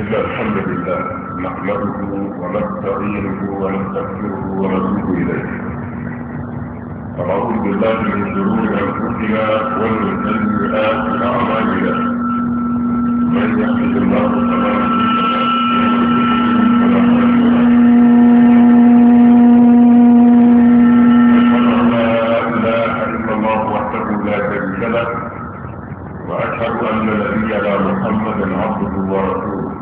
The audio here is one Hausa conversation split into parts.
إن الحمد لله نحمده ونستعينه ونستغفره ونتوب إليه ونعوذ بالله من شرور أنفسنا ومن سيئات أعمالنا من يحمد الله فلا له وأشهد أن نبينا محمدا عبده ورسوله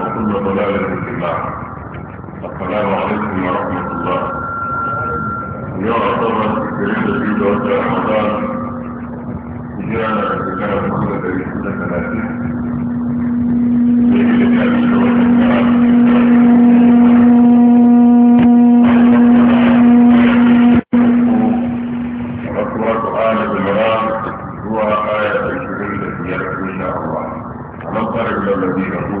كل ضلالة في الله السلام عليكم ورحمة الله يعتبر جريدة في دولة رمضان جاءنا بكلام محمد بن سنة ثلاثين جريدة آية هذه الذين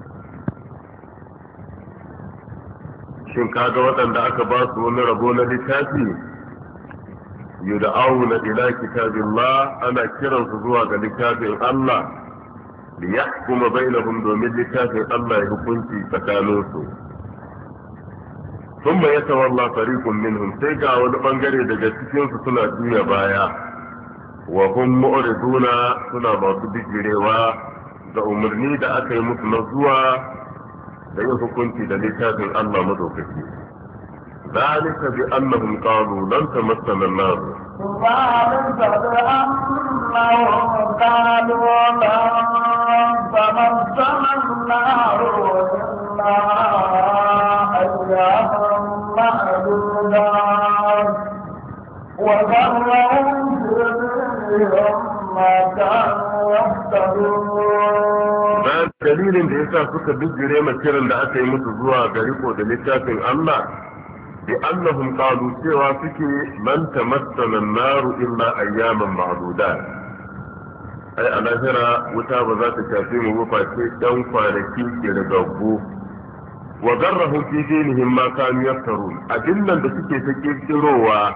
shin kaga waɗanda aka ba su wani rabo na littafi da auna ila kitabillah ana kiransu zuwa ga littafin Allah li yahkuma bainahum domin littafin Allah ya hukunci tsakaninsu sun ba yata wallah fariqun minhum sai ga wani bangare daga cikinsu suna juya baya wa hum mu'riduna suna masu bijirewa da umarni da aka yi musu na zuwa da yin hukunci da littafin Allah madaukaki ذلك بأنهم قالوا لن تمسنا النار ذلك بأنهم قالوا لن تمسنا النار إلا أياما معدودات وذرهم في dalilin da yasa suka bijire ma kiran da aka yi musu zuwa ga riko da littafin Allah bi annahum qalu cewa suke man tamassana an illa ayyaman ma'dudat ai a lahira wuta ba za ta shafe mu ba face dan kwanaki ke da gaggo wa garrahum fi dinihim ma kanu yaftarun adillan da suke ta kirkirowa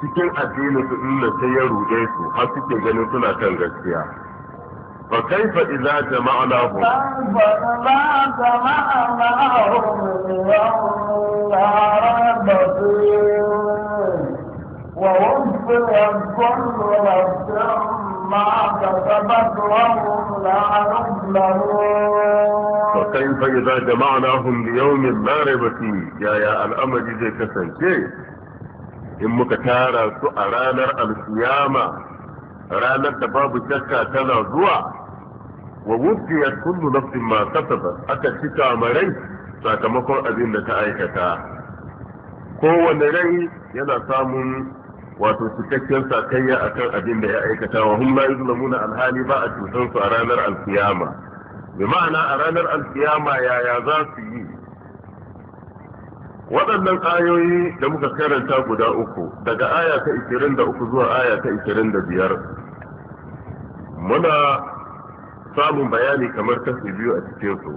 cikin addinin su na ta ya rude su har suke ganin suna kan gaskiya فكيف إذا جمعناهم كيف إذا جمعناهم يوم لا ريب فيه ووفيت كل نفس ما كسبت وهم لا يظلمون فكيف إذا جمعناهم ليوم لا ريب فيه يا يا الأمر زي كسنتي إن muka tara su a ranar alkiyama ranar da babu wa wufiyat kullu nafsin ma kasabat aka cika marai sakamakon abin da ta aikata kowane rai yana samun wato cikakken sakayya akan abin da ya aikata wa hum la yuzlamuna alhali ba a cutan su a ranar alkiyama bi ma'ana a ranar alkiyama yaya za su yi waɗannan ayoyi da muka karanta guda uku daga aya ta 23 zuwa aya ta 25 muna samun bayani kamar tafi biyu a cikin